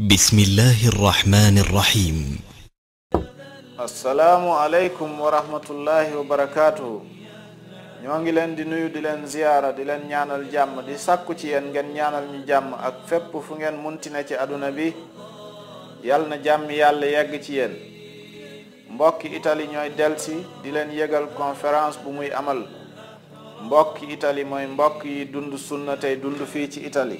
بسم الله الرحمن الرحيم assalaamu aleykum wa rahmatullahi ñoo ngi leen di nuyu di leen ziyaara di leen ñaanal jàmm di sàkku ci yéen ngeen ñaanal ñu jàmm ak fépp fu ngeen munti ne ci àdduna bi yal na jàmm yàlla yegg ci yéen mbokki itali ñooy delsi di leen yëgal conférence bu muy amal mbokki itali mooy mbokk yi dund sunna dund fii ci itali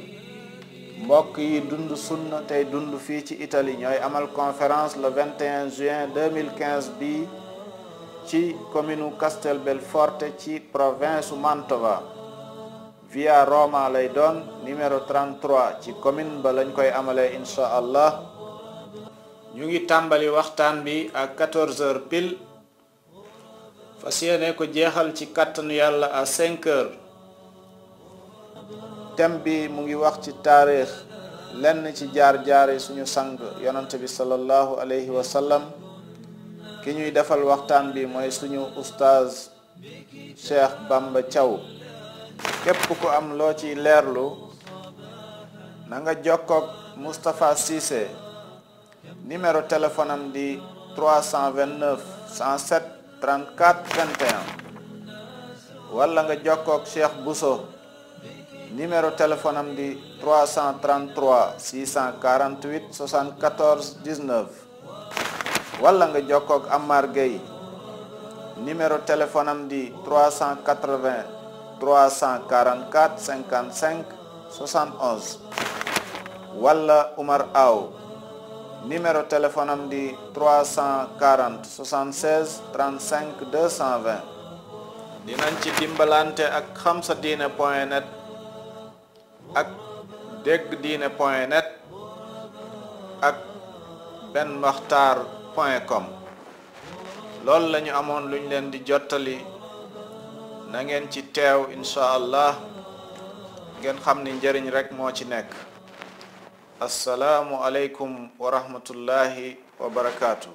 mbokk yi dund sunna tey dund fii ci Italie ñooy amal conférence le 21 juin 2015 bi ci commune Castel Belforte ci province Mantova via Roma lay doon numéro 33 ci commune ba lañ koy amalee incha allah ñu ngi tàmbali waxtaan bi ak 14h pile fas yéene ko jeexal ci kàttanu yàlla à 5h Tembi bi mu ngi wax ci taarix lenn ci jaar-jaari suñu sang yonante bi sallallahu alayhi wa sallam ki ñuy defal waxtaan bi mooy suñu oustaz cheikh bamba thiaw képp ku am loo ci leerlu na nga jokkoog moustapha cissé numéro téléphone am di 329 107 34 21 wala nga jokkoog cheikh numéro téléphone 333 648 74 19 wala nga Amar numéro téléphone 380 344 55 71 wala Omar Aou. numéro téléphone 340 76 35 220 ak dégg diine point net ak benn maxtaar point com loolu lañu amoon luñ leen di jottali na ngeen ci teew incha allah ngeen xam ni njariñ rekk moo ci nekk assalaamu aleykum wa rahmatullahi wa barakaatu.